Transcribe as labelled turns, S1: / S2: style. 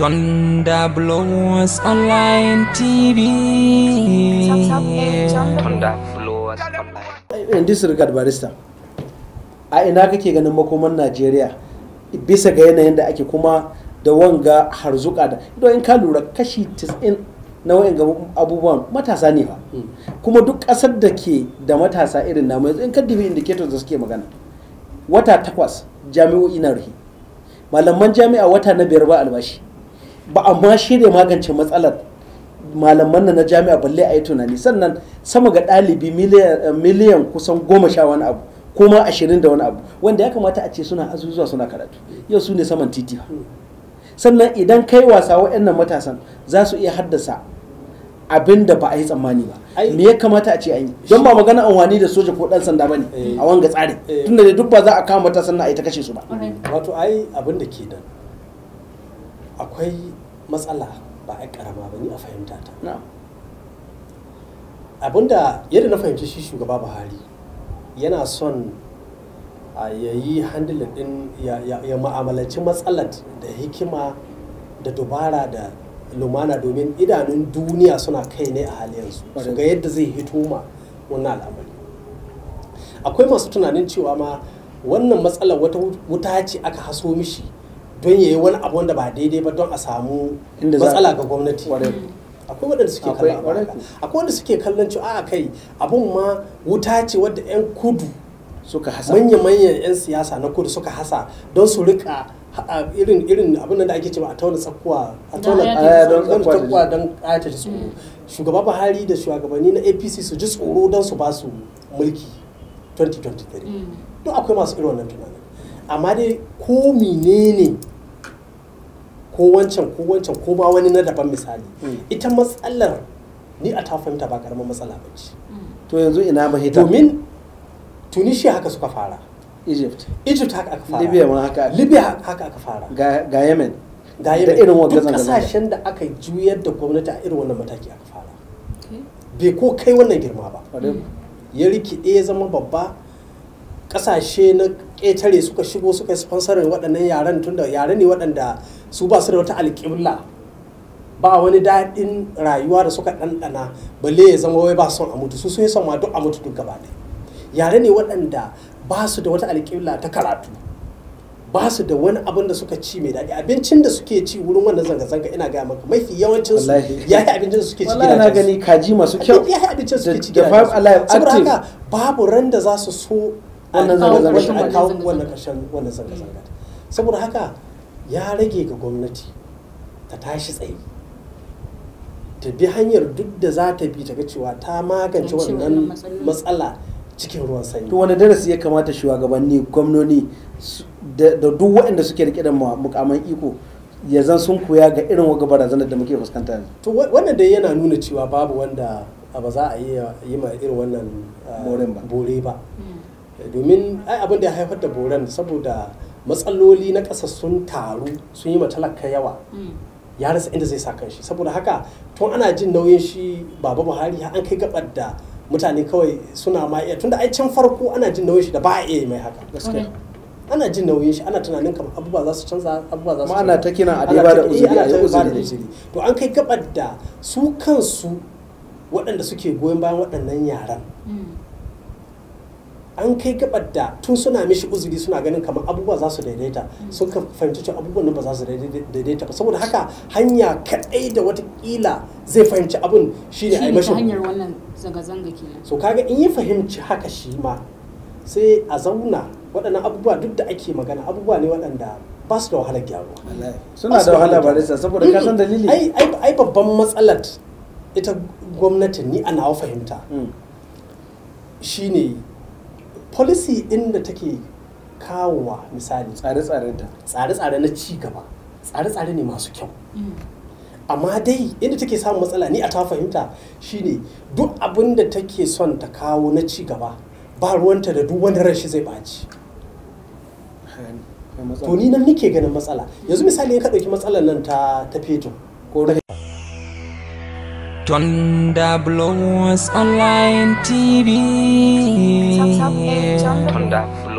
S1: Thunderblowers Online TV. In this regard, barista, a ina kake ganin makoman Najeriya bisa ga yanayin da ake kuma da wanga harzuka da in ka lura kashi 90 na abubuwan matasa ne fa hmm. kuma duk ƙasar da ke da matasa irin namu yanzu in ka indicators da suke magana wata takwas jami'o'i na ruhi malaman jami'a wata na biyar ba albashi ba a ma shirya magance matsalar malaman na jami'a balle a yi tunani sannan sama ga ɗalibi miliyan eh, kusan goma sha wani abu ko ashirin da wani abu wanda ya kamata a ce suna azuzuwa suna karatu yau su ne saman titi sannan idan kai wasa waɗannan matasan za su iya haddasa abin da ba a yi tsammani ba me ya kamata a ce an yi don ba magana an wani da soja ko dan sanda bane eh. a wanga tsari eh. tunda da duk ba za a kama matasan na a yi ta kashe su ba wato ai abin da ke da
S2: akwai matsala ba a karama ba ni a fahimta ta abinda yadda na fahimci shi shugaba buhari yana son a yayi handling din ya ma'amalanci matsalar da hikima da dubara da lumana domin idanun duniya suna kai ne a halin yanzu su ga yadda zai hito ma wannan al'amari akwai masu tunanin cewa ma wannan matsalar wata wuta ce aka haso mishi don yayi wani abu wanda ba daidai ba don a samu matsala ga gwamnati akwai wadanda suke kallon akwai wanda suke kallon cewa a kai abun ma wuta ce wadda 'yan kudu suka hasa manya-manyan 'yan siyasa na kudu suka hasa don su rika irin irin abin da ake cewa a tauna tsakkuwa a tauna tsakkuwa eh, don da su shugaba buhari da shugabanni na apc su ji tsoro don su ba su mulki 2023 mm. don akwai masu irin wannan tunanin amma dai ko menene ne ko wancan ko wancan ko ma wani na daban misali mm. ita matsalar ni a ta fahimta ba karamin matsala ba ce mm. to yanzu ina mahita domin tunisia haka suka fara egypt egypt haka aka fara libya haka libya haka aka fara ga yemen ga yemen da irin wannan kasashen da aka juyar da gwamnati a irin wannan mataki aka fara bai ko kai wannan girma ba ya rikide ya zama babba kasashe na ƙetare suka shigo suka sponsorin waɗannan yaren tunda yare ne waɗanda su ba su da wata alƙibla ba wani daɗin rayuwa da suka ɗanɗana balle ya zama wai ba son a mutu su sun yi son ma duk a mutu duk gaba ɗaya yare ne waɗanda ba su da wata alƙibla ta karatu ba su da wani abin da suka ci mai daɗi abincin da suke ci wurin wannan zanga-zanga ina gaya maka mafi yawancin su ya yi abincin da suke ci gidajen na gani kaji masu kyau ya yi abincin da suke ci gidajen su. saboda haka babu ran da za su so
S1: wannan zanga-zanga
S2: wannan ƙarshen wannan zanga-zanga saboda haka ya rage ga gwamnati ta tashi tsaye ta bi hanyar duk da za ta bi ta ga cewa ta magance wannan matsala cikin ruwan sanyi. To
S1: wani darasi ya kamata shugabanni gwamnoni da duk waɗanda suke da da mukaman iko ya zan sun koya ga irin waga barazanar da muke fuskanta To wannan dai yana nuna
S2: cewa babu wanda ba za a yi ma irin wannan ah, bore ba. Hmm. Domin abin da ya haifar da boren saboda matsaloli na ƙasa sun taru sun yi matalaka yawa mm. ya rasa inda zai sa kanshi saboda haka tun ana jin nauyin shi baba buhari har an kai gabar da mutane kawai suna ma iya tunda ai can farko ana jin nauyin shi da ba a iya mai haka ana jin nauyin shi ana tunanin kamar abubuwa za su canza abubuwa za su canza ana ta kina a eh, ba da uzuri a uzuri da uzuri to an kai gabar da su kansu waɗanda suke goyon bayan waɗannan yaran mm. an kai gabar da tun suna mishi uzuri suna ganin kamar abubuwa za su daidaita sun ka fahimci cewa abubuwan nan ba za su daidaita ba saboda haka hanya kadai da watakila zai fahimci abun shine a mashi hanyar
S1: wannan zanga-zanga ke so
S2: kaga in yi fahimci haka shi ma sai a zauna waɗannan abubuwa duk da ake magana abubuwa ne waɗanda ba su da wahalar gyaruwa suna da wahala da saboda ka san dalili ai babban matsalar ita gwamnatin ni a nawa fahimta mm. shine policy inda take kawowa misali tsare-tsaren da tsare-tsare na ci gaba tsare-tsare ne masu kyau mm. amma dai inda take samun matsala ni a ta fahimta shine duk abin da take son ta kawo na ci gaba ba ruwanta da duk wani rashi zai baci to ni nan nike ganin matsala yanzu misali in ka ɗauki matsalar nan ta ta fetur ko Thunder Online TV. Thunder